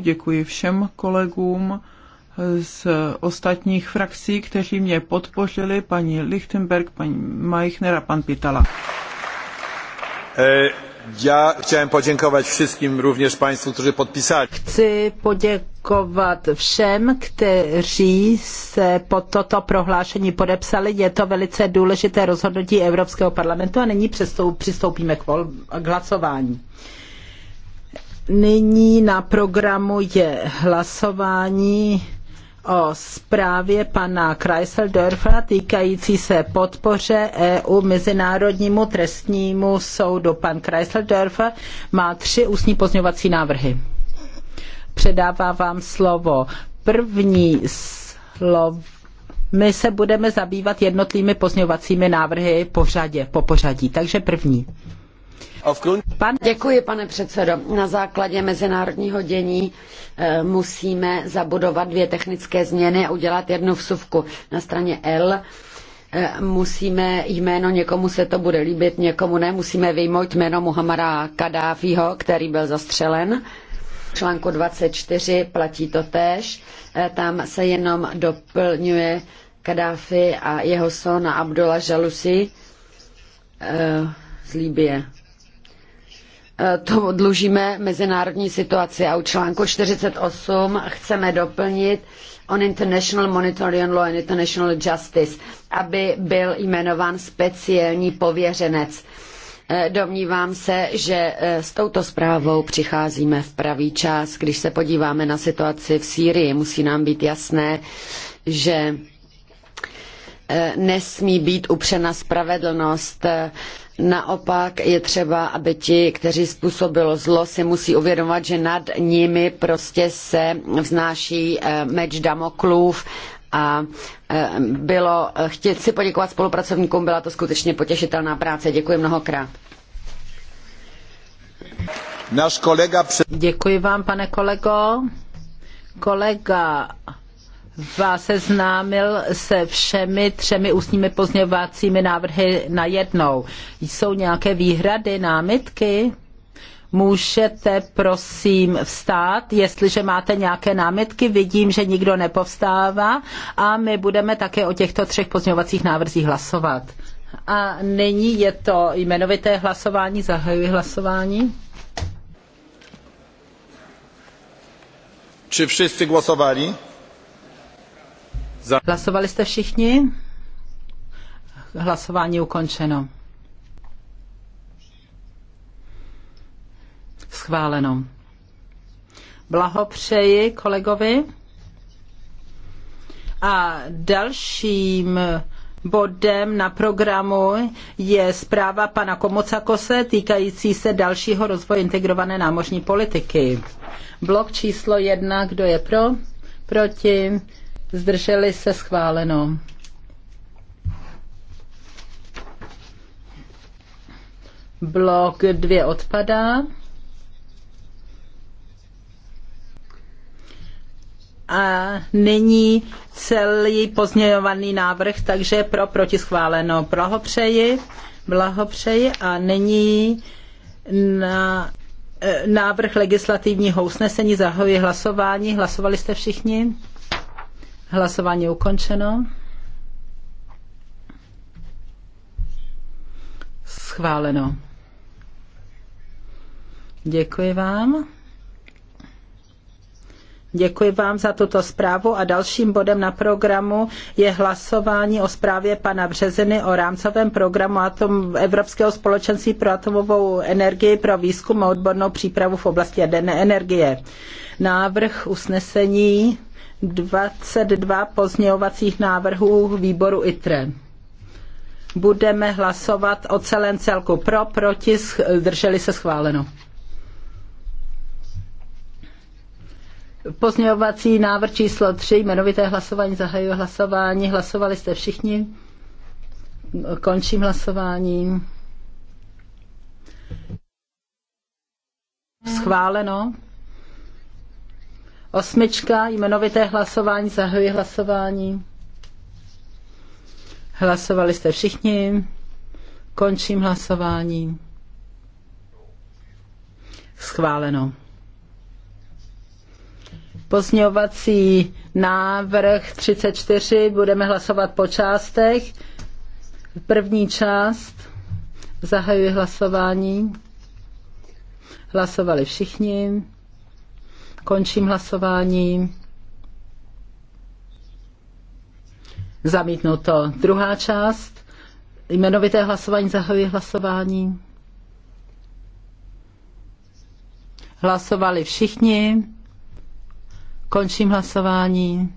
děkuji všem kolegům z ostatních frakcí, kteří mě podpořili, paní Lichtenberg, paní Majchner a pan Pitala. Eh, já chtěl poděkovat všem, rovněž Państwu, kteří podpisali. Chci poděkovat všem, kteří se pod toto prohlášení podepsali. Je to velice důležité rozhodnutí Evropského parlamentu a nyní přistoupíme k, vol- k hlasování. Nyní na programu je hlasování o zprávě pana Kreiseldorfa týkající se podpoře EU Mezinárodnímu trestnímu soudu. Pan Kreiseldorf má tři ústní pozňovací návrhy. Předává vám slovo. První slovo. My se budeme zabývat jednotlivými pozňovacími návrhy po řadě, po pořadí. Takže první děkuji, pane předsedo. Na základě mezinárodního dění eh, musíme zabudovat dvě technické změny a udělat jednu vsuvku. Na straně L eh, musíme jméno, někomu se to bude líbit, někomu ne, musíme vyjmout jméno Muhammada Kadáfího, který byl zastřelen článku 24 platí to eh, Tam se jenom doplňuje Kadáfi a jeho son Abdullah Jalusi z Libie to dlužíme mezinárodní situaci a u článku 48 chceme doplnit on International Monitoring Law and International Justice, aby byl jmenován speciální pověřenec. Eh, domnívám se, že eh, s touto zprávou přicházíme v pravý čas. Když se podíváme na situaci v Sýrii, musí nám být jasné, že eh, nesmí být upřena spravedlnost Naopak je třeba, aby ti, kteří způsobilo zlo, si musí uvědomovat, že nad nimi prostě se vznáší eh, meč Damoklův a eh, bylo, eh, chtěl si poděkovat spolupracovníkům, byla to skutečně potěšitelná práce. Děkuji mnohokrát. Náš kolega před... Děkuji vám, pane kolego. Kolega vás seznámil se všemi třemi ústními pozměňovacími návrhy na jednou. Jsou nějaké výhrady, námitky? Můžete prosím vstát, jestliže máte nějaké námitky, vidím, že nikdo nepovstává a my budeme také o těchto třech pozměňovacích návrzích hlasovat. A nyní je to jmenovité hlasování, zahajuji hlasování. Czy wszyscy głosowali? Hlasovali jste všichni? Hlasování ukončeno. Schváleno. Blahopřeji kolegovi. A dalším bodem na programu je zpráva pana Komocakose týkající se dalšího rozvoje integrované námořní politiky. Blok číslo jedna, kdo je pro? Proti? zdrželi se schváleno. Blok 2 odpadá. A nyní celý pozměňovaný návrh, takže pro proti schváleno. Blahopřeji, blahopřeji a nyní na eh, návrh legislativního usnesení zahoji hlasování. Hlasovali jste všichni? Hlasování je ukončeno. Schváleno. Děkuji vám. Děkuji vám za tuto zprávu a dalším bodem na programu je hlasování o zprávě pana Březiny o rámcovém programu atom, Evropského společenství pro atomovou energii pro výzkum a odbornou přípravu v oblasti jaderné energie. Návrh usnesení 22 pozměňovacích návrhů výboru ITRE. Budeme hlasovat o celém celku pro, proti, zdrželi se schváleno. Pozměňovací návrh číslo 3, jmenovité hlasování, zahajuje hlasování. Hlasovali jste všichni? Končím hlasování. Schváleno. Osmička, jmenovité hlasování, zahajuji hlasování. Hlasovali jste všichni. Končím hlasování. Schváleno. Pozměňovací návrh 34 budeme hlasovat po částech. První část. Zahajuji hlasování. Hlasovali všichni. Končím hlasování. Zamítnuto. Druhá část. Jmenovité hlasování. zahajuje hlasování. Hlasovali všichni. Končím hlasování.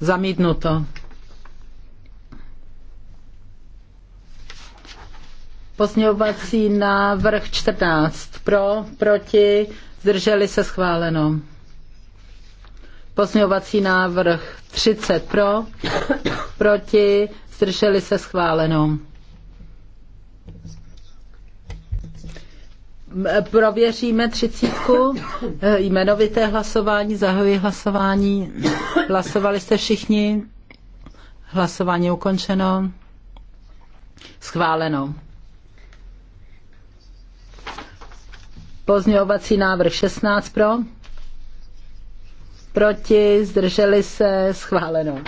Zamítnuto. Pozměňovací návrh 14. Pro, proti, zdrželi se schváleno. Pozměňovací návrh 30. Pro, proti, zdrželi se schváleno. Prověříme třicítku. Jmenovité hlasování, zahojí hlasování. Hlasovali jste všichni? Hlasování ukončeno. Schváleno. Pozměňovací návrh 16 pro. Proti, zdrželi se, schváleno.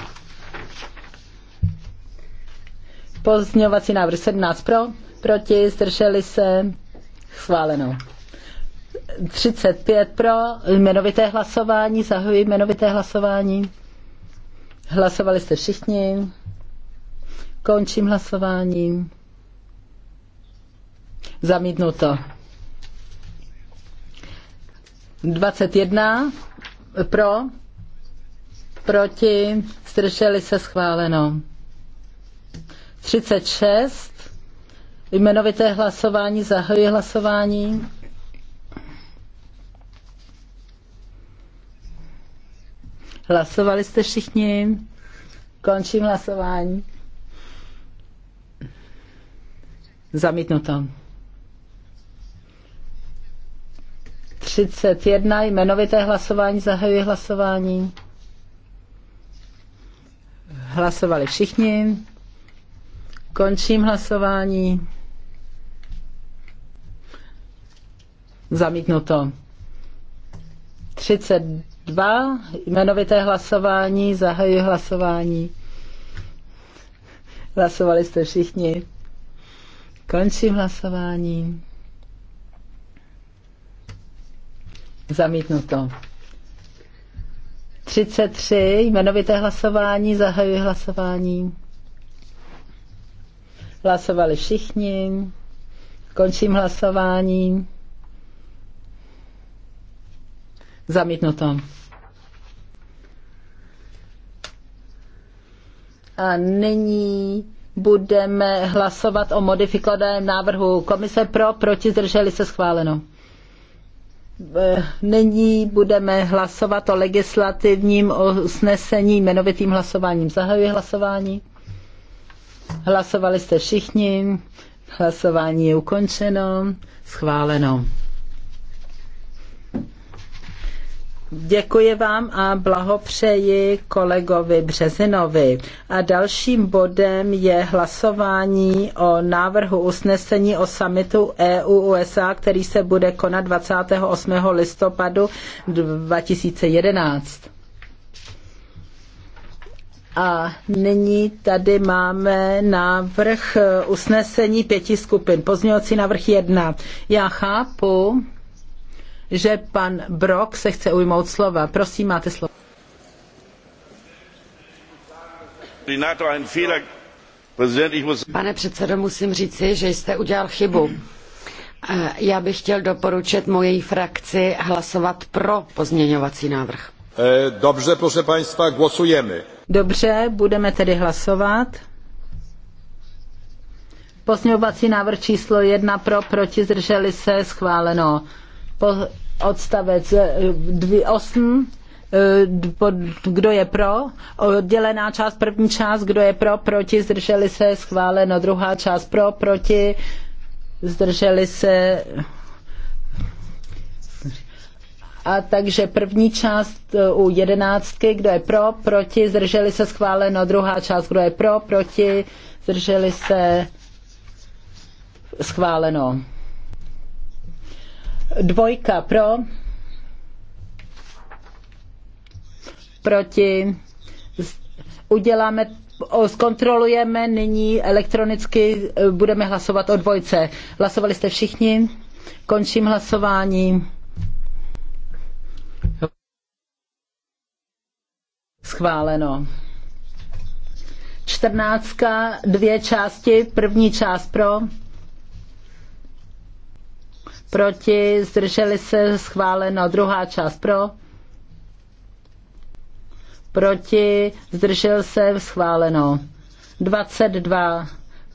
Pozměňovací návrh 17 pro, proti, zdrželi se, schváleno. 35 pro, jmenovité hlasování, zahojí jmenovité hlasování. Hlasovali jste všichni. Končím hlasování. Zamítnuto. 21 pro, proti, zdrželi se schváleno. 36 jmenovité hlasování, zahajuji hlasování. Hlasovali jste všichni? Končím hlasování. Zamítnuto. 31, jmenovité hlasování, zahajuji hlasování. Hlasovali všichni. Končím hlasování. Zamítnuto. 32, jmenovité hlasování, zahajuji hlasování. Hlasovali jste všichni. Končím hlasování. Zamítnuto. 33, jmenovité hlasování, zahajuji hlasování. Hlasovali všichni. Končím hlasování. Zamítnuto. A nyní budeme hlasovat o modifikovaném návrhu komise pro, proti, zdrželi se schváleno. Eh, nyní budeme hlasovat o legislativním usnesení jmenovitým hlasováním. Zahajuji hlasování. Hlasovali jste všichni. Hlasování je ukončeno. Schváleno. Děkuji vám a blahopřeji kolegovi Březinovi. A dalším bodem je hlasování o návrhu usnesení o summitu EU-USA, který se bude konat 28. listopadu 2011. A nyní tady máme návrh usnesení pěti skupin. Pozměňovací návrh jedna. Já chápu, že pan Brok se chce ujmout slova. Prosím, máte slovo. Pane předsedo, musím říci, že jste udělal chybu. Já bych chtěl doporučit mojej frakci hlasovat pro pozměňovací návrh. E, dobře, prosím państwa, hlasujeme. Dobře, budeme tedy hlasovat. Pozměňovací návrh číslo jedna pro, proti, zdrželi se, schváleno po odstavec 8, eh, eh, kdo je pro, oddělená část, první část, kdo je pro, proti, zdrželi se, schváleno, druhá část pro, proti, zdrželi se. A takže první část eh, u jedenáctky, kdo je pro, proti, zdrželi se, schváleno, druhá část, kdo je pro, proti, zdrželi se, schváleno. Dvojka pro, proti, uděláme, zkontrolujeme nyní elektronicky, e, budeme hlasovat o dvojce. Hlasovali jste všichni? Končím hlasování. Schváleno. Čtrnáctka, dvě části, první část pro, proti, zdrželi se, schváleno. Druhá část pro, proti, zdržel se, schváleno. 22.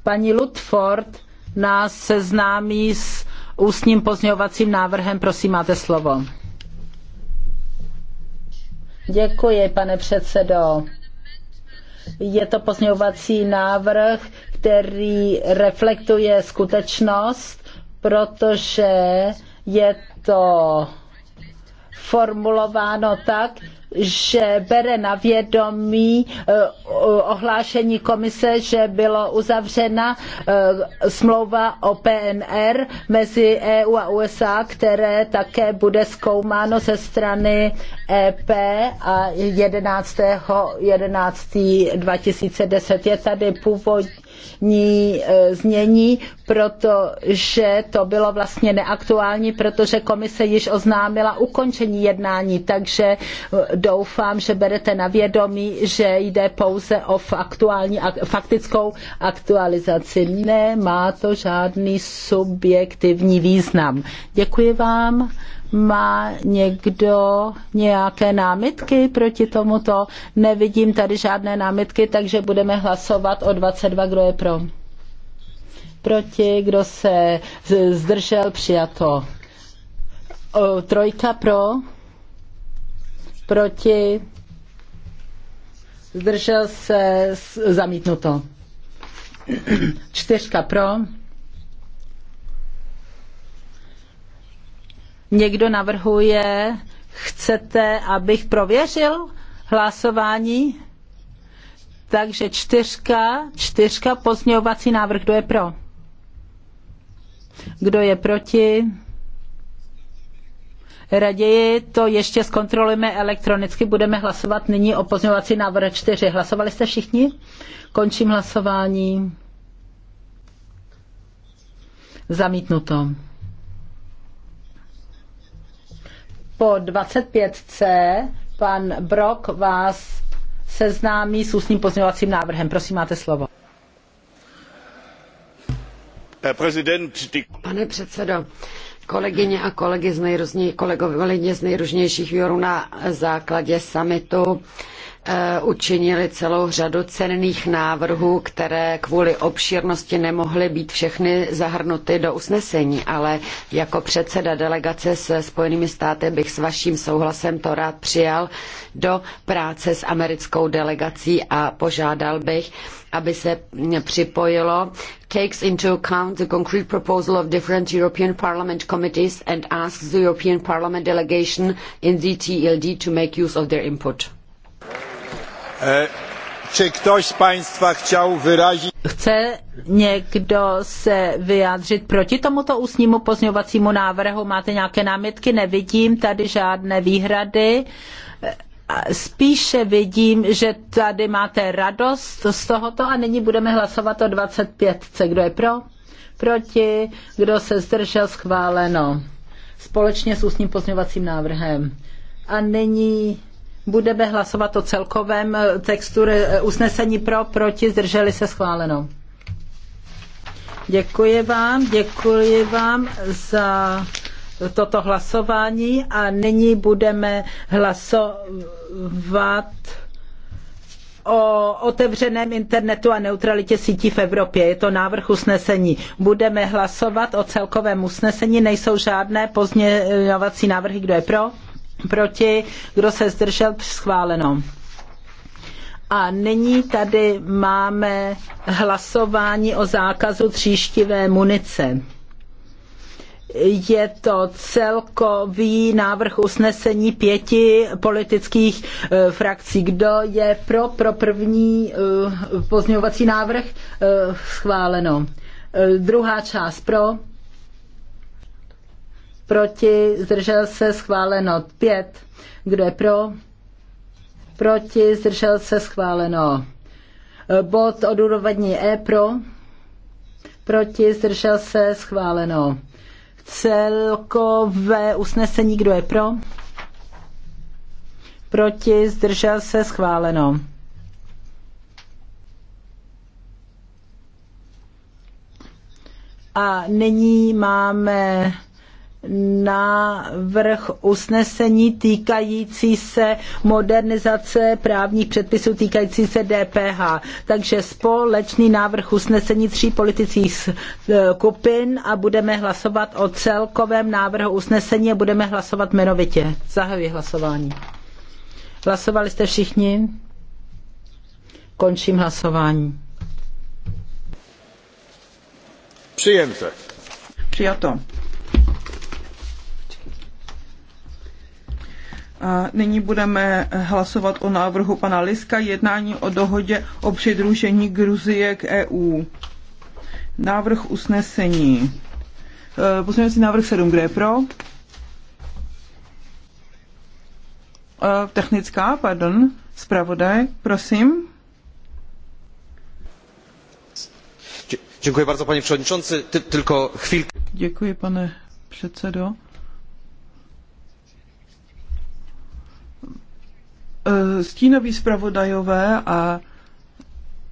Paní Ludford nás seznámí s ústním pozměňovacím návrhem. Prosím, máte slovo. Děkuji, pane předsedo. Je to pozměňovací návrh, který reflektuje skutečnost, protože je to formulováno tak, že bere na vědomí eh, ohlášení komise, že bylo uzavřena eh, smlouva o PNR mezi EU a USA, které také bude zkoumáno ze strany EP a 11. 11. 2010 je tady původní původní e, znění, protože to bylo vlastně neaktuální, protože komise již oznámila ukončení jednání, takže e, doufám, že berete na vědomí, že jde pouze o faktickou aktualizaci. Nemá to žádný subjektivní význam. Děkuji vám. Má někdo nějaké námitky proti tomuto? Nevidím tady žádné námitky, takže budeme hlasovat o 22, kdo je pro. Proti, kdo se zdržel, přijato. O, trojka pro, proti, zdržel se, zamítnuto. Čtyřka pro, Někdo navrhuje, chcete, abych prověřil hlasování? Takže čtyřka, čtyřka, pozměňovací návrh, kdo je pro? Kdo je proti? Raději to ještě zkontrolujeme elektronicky, budeme hlasovat nyní o pozměňovací návrh čtyři. Hlasovali jste všichni? Končím hlasování. Zamítnuto. po 25C pan Brok vás seznámí s ústním pozměňovacím návrhem. Prosím, máte slovo. Pane předsedo, kolegyně a kolegy z nejrůznějších, kolegové, z nejrůznějších výborů na základě summitu Eh, učinili celou řadu cenných návrhů, které kvůli obšírnosti nemohly být všechny zahrnuty do usnesení, ale jako předseda delegace se Spojenými státy bych s vaším souhlasem to rád přijal do práce s americkou delegací a požádal bych, aby se připojilo takes into account the concrete proposal of different European Parliament committees and asks the European Parliament delegation in the TLD to make use of their input. E, czy ktoś z Państwa chciał wyrazić... Chce někdo se vyjádřit proti tomuto ústnímu pozňovacímu návrhu? Máte nějaké námitky? Nevidím tady žádné výhrady. E, spíše vidím, že tady máte radost z tohoto a nyní budeme hlasovat o 25. Kdo je pro? Proti? Kdo se zdržel? Schváleno. Společně s ústním pozňovacím návrhem. A nyní Budeme hlasovat o celkovém eh, textu eh, usnesení pro, proti, zdrželi se schváleno. Děkuji vám, děkuji vám za toto hlasování a nyní budeme hlasovat o otevřeném internetu a neutralitě sítí v Evropě. Je to návrh usnesení. Budeme hlasovat o celkovém usnesení. Nejsou žádné pozměňovací návrhy. Kdo je pro? proti, kdo se zdržel, schváleno. A nyní tady máme hlasování o zákazu tříštivé munice. Je to celkový návrh usnesení pěti politických uh, frakcí. Kdo je pro, pro první uh, pozměňovací návrh? uh, schváleno. Uh, druhá část pro, proti, zdržel se, schváleno 5, kdo je pro, proti, zdržel se, schváleno. E, bod odůvodní E pro, proti, zdržel se, schváleno. Celkové usnesení, kdo je pro? Proti, zdržel se, schváleno. A nyní máme návrh usnesení týkající se modernizace právních předpisů týkající se DPH. Takže společný návrh usnesení tří politických skupin a budeme hlasovat o celkovém návrhu usnesení a budeme hlasovat jmenovitě. Zahajuji hlasování. Hlasovali jste všichni? Končím hlasování. Přijemce. Přijato. A nyní budeme hlasovat o návrhu pana Liska, jednání o dohodě o přidružení Gruzie k EU. Návrh usnesení. E, pozměňovací návrh 7, kde je pro? E, technická, pardon. Zpravodaj, prosím. Děkuji bardzo, panie przewodniczący. Tylko chwilkę. Děkuji, pane przewodniczący. Eh, stínoví zpravodajové a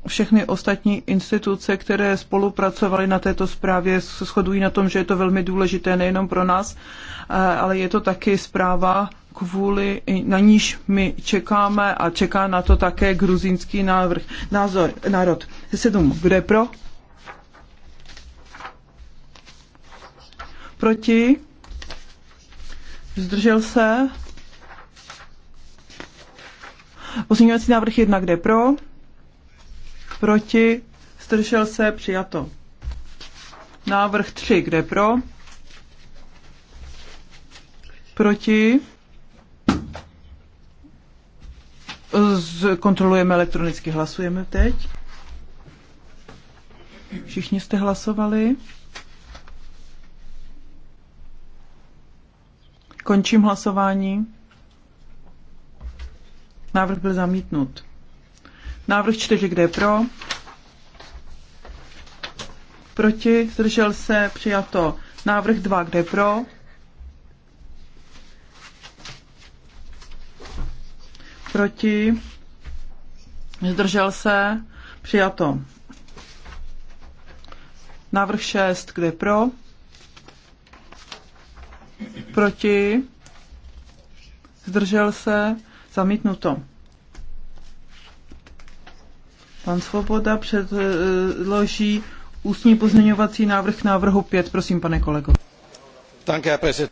všechny ostatní instituce, které spolupracovaly na této zprávě, se shodují na tom, že je to velmi důležité nejenom pro nás, eh, ale je to taky zpráva, kvůli, na níž my čekáme a čeká na to také gruzínský návrh, názor, národ. Sedm, kdo je pro? Proti? Zdržel se? Pozměňovací návrh 1, kde pro, proti, Stržel se, přijato. Návrh 3, kde pro, proti, kontrolujeme elektronicky, hlasujeme teď. Všichni jste hlasovali. Končím hlasování. Návrh byl zamítnut. Návrh čtyři, kde je pro? Proti, zdržel se, přijato. Návrh dva, kde je pro? Proti, zdržel se, přijato. Návrh 6, kde je pro? Proti, zdržel se, Zamítnuto. Pan Svoboda předloží ústní pozměňovací návrh návrhu 5. Prosím, pane kolego.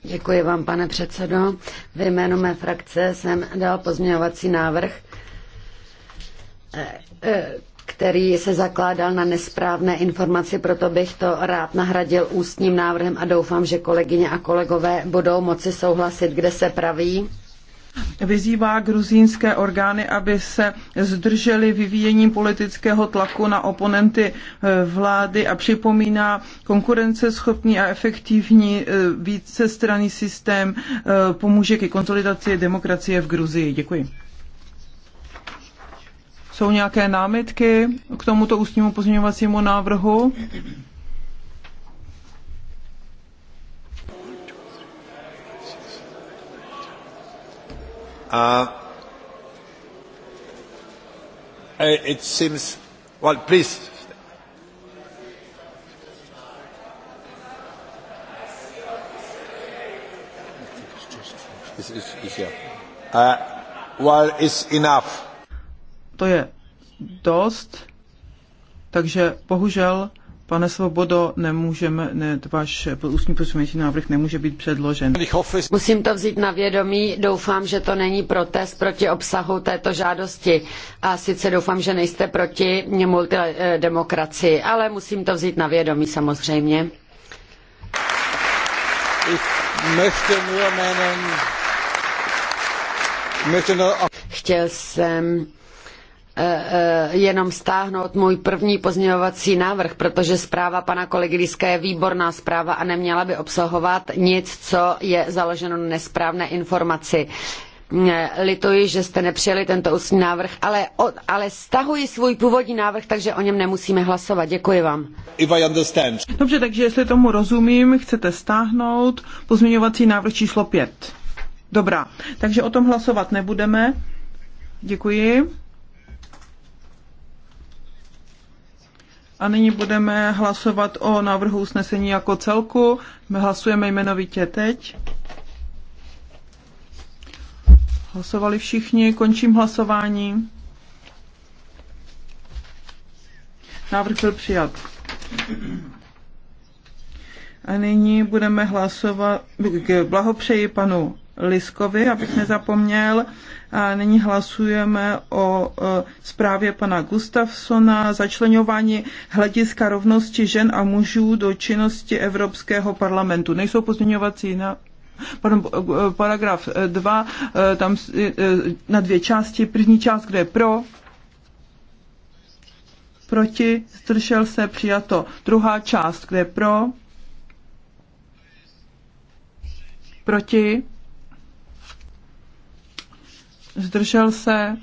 Děkuji vám, pane předsedo. V jménu mé frakce jsem dal pozměňovací návrh, který se zakládal na nesprávné informaci, proto bych to rád nahradil ústním návrhem a doufám, že kolegyně a kolegové budou moci souhlasit, kde se praví, vyzývá gruzínské orgány, aby se zdrželi vyvíjením politického tlaku na oponenty eh, vlády a připomíná konkurenceschopný a efektivní eh, vícestranný systém eh, pomůže ke konsolidaci demokracie v Gruzii. Děkuji. Jsou nějaké námitky k tomuto ústnímu pozměňovacímu návrhu? Uh, it seems, well, please. It's, it's, it's, uh, well, it's enough. To je dost, takže bohužel Pane Svobodo, nemůžeme, ne, váš ústní pozměňovací návrh nemůže být předložen. Musím to vzít na vědomí, doufám, že to není protest proti obsahu této žádosti. A sice doufám, že nejste proti multidemokracii, ale musím to vzít na vědomí samozřejmě. Chtěl jsem Eh, eh, jenom stáhnout můj první pozměňovací návrh, protože zpráva pana kolegy Liska je výborná zpráva a neměla by obsahovat nic, co je založeno na nesprávné informaci. Eh, lituji, že jste nepřijeli tento ústní návrh, ale, ale stahuji svůj původní návrh, takže o něm nemusíme hlasovat. Děkuji vám. Dobře, takže jestli tomu rozumím, chcete stáhnout pozměňovací návrh číslo 5. Dobrá, takže o tom hlasovat nebudeme. Děkuji. A nyní budeme hlasovat o návrhu usnesení jako celku. My hlasujeme jmenovitě teď. Hlasovali všichni, končím hlasování. Návrh byl přijat. A nyní budeme hlasovat, blahopřeji panu Liskovi, abych nezapomněl. A nyní hlasujeme o e, zprávě pana Gustafsona, začlenování hlediska rovnosti žen a mužů do činnosti Evropského parlamentu. Nejsou pozměňovací na pardon, e, paragraf 2, e, tam na dvě části. První část, kde je pro, proti, zdržel se, přijato. Druhá část, kde je pro, proti, zdržel se,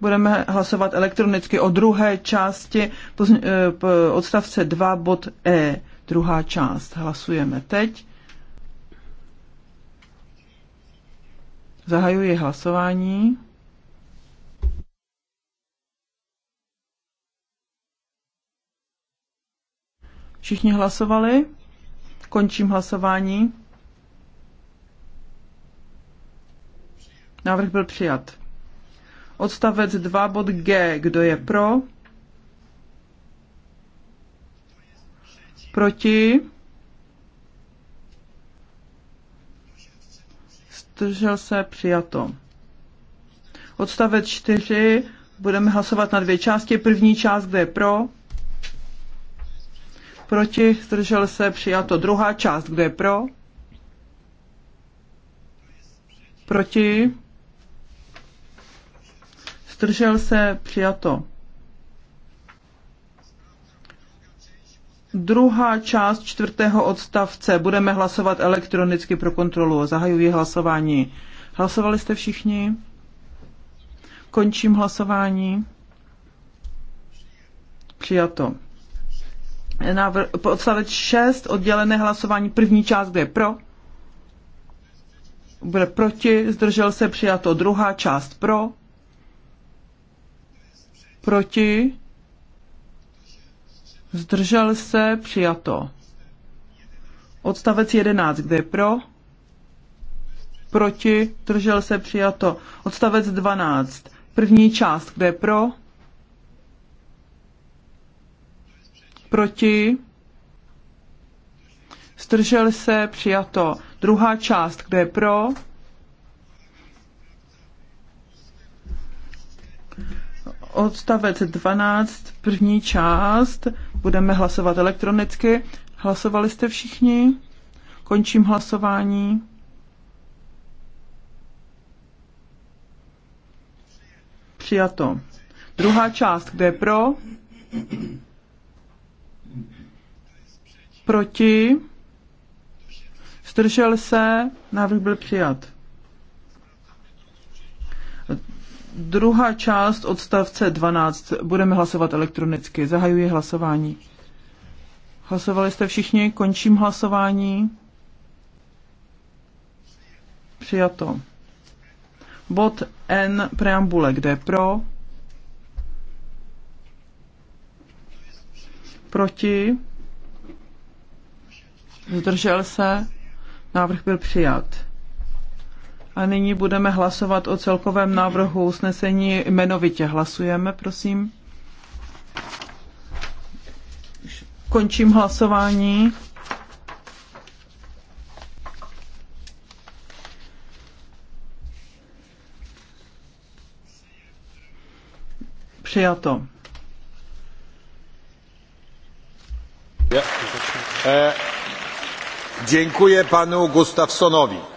budeme hlasovat elektronicky o druhé části eh, odstavce 2 bod E. Druhá část. Hlasujeme teď. Zahajuji hlasování. Všichni hlasovali? Končím hlasování. Návrh byl přijat. Odstavec 2 bod G. Kdo je pro? Proti? Zdržel se přijato. Odstavec 4. Budeme hlasovat na dvě části. První část, kde je pro? Proti? Zdržel se přijato. Druhá část, kde je pro? Proti? zdržel se, přijato. Druhá část čtvrtého odstavce. Budeme hlasovat elektronicky pro kontrolu. Zahajuji hlasování. Hlasovali jste všichni? Končím hlasování. Přijato. Návr- odstavec 6, oddělené hlasování, první část, kde je pro, bude proti, zdržel se, přijato, druhá část pro, proti, zdržel se, přijato. Odstavec 11, kde je pro, proti, zdržel se, přijato. Odstavec 12, první část, kde je pro, proti, zdržel se, přijato. Druhá část, kde je pro, odstavec 12, první část, budeme hlasovat elektronicky. Hlasovali jste všichni? Končím hlasování. Přijato. Druhá část, kde je pro? Proti? Zdržel se? Návrh byl přijat. Druhá část odstavce 12. Budeme hlasovat elektronicky. Zahajuji hlasování. Hlasovali jste všichni? Končím hlasování. Přijato. Bod N preambule, kde je pro? Proti? Zdržel se? Návrh byl přijat. A nyní budeme hlasovat o celkovém návrhu usnesení. Jmenovitě hlasujeme, prosím. Končím hlasování. Přijato. Eh, děkuji panu Gustafsonovi.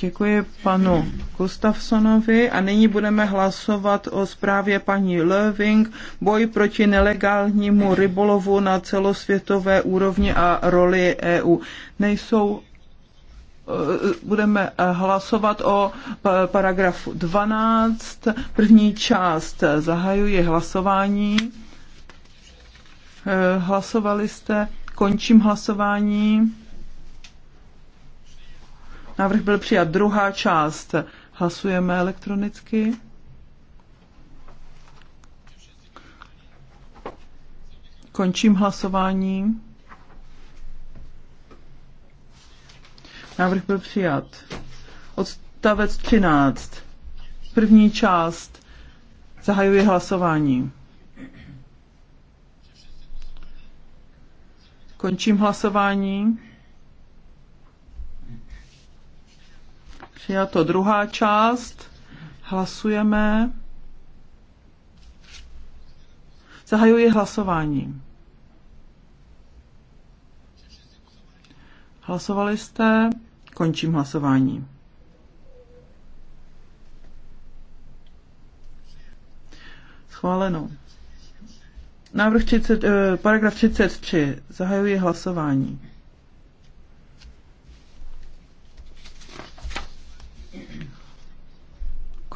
Děkuji panu Gustafsonovi a nyní budeme hlasovat o zprávě paní Löving boj proti nelegálnímu rybolovu na celosvětové úrovni a roli EU. Nejsou eh, budeme eh, hlasovat o paragrafu 12, první část. zahajuje hlasování. Eh, hlasovali jste, končím hlasování. Návrh byl přijat. Druhá část. Hlasujeme elektronicky. Končím hlasování. Návrh byl přijat. Odstavec 13. První část. Zahajuji hlasování. Končím hlasování. to druhá část. Hlasujeme. Zahajuji hlasování. Hlasovali jste? Končím hlasování. Schváleno. Návrh 30, eh, paragraf 33. Zahajuji hlasování.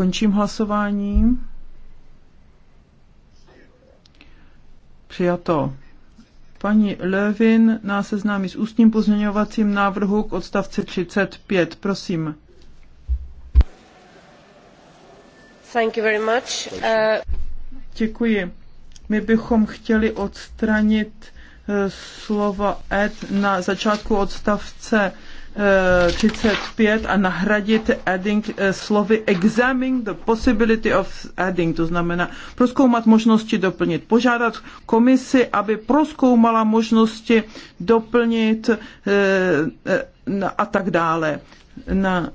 Končím hlasování. Přijato. Paní Levin nás seznámí s ústním pozměňovacím návrhu k odstavci 35. Prosím. Thank you very much. Uh... Děkuji. My bychom chtěli odstranit uh, slova ed na začátku odstavce 35 eh, a nahradit adding eh, slovy examining the possibility of adding, to znamená proskoumat možnosti doplnit. Požádat komisi, aby proskoumala možnosti doplnit eh, a tak dále. Na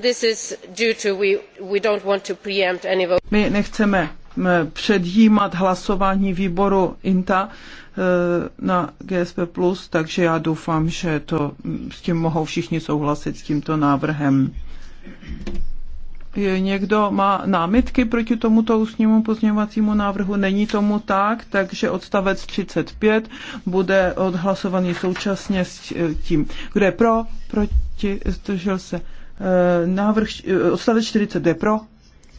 This is due to we, we don't want to preempt any vote. My nechceme předjímat hlasování výboru INTA eh, na GSP+, takže já doufám, že to mm, s tím mohou všichni souhlasit s tímto návrhem. Je Někdo má námitky proti tomuto ústnímu pozměňovacímu návrhu? Není tomu tak, takže odstavec 35 bude odhlasovaný současně s eh, tím, kdo je pro, proti, zdržel se. Eh, návrh, odstavec 40 je pro,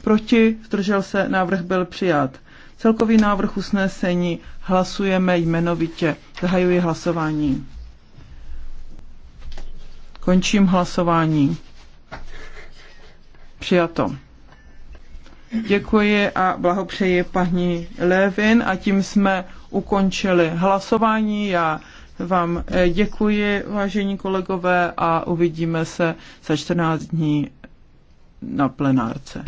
proti, zdržel se, návrh byl přijat. Celkový návrh usnesení hlasujeme jmenovitě. Zahajuji hlasování. Končím hlasování. Přijato. Děkuji a blahopřeji paní Levin a tím jsme ukončili hlasování. Já vám eh, děkuji, vážení kolegové, a uvidíme se za 14 dní na plenárce.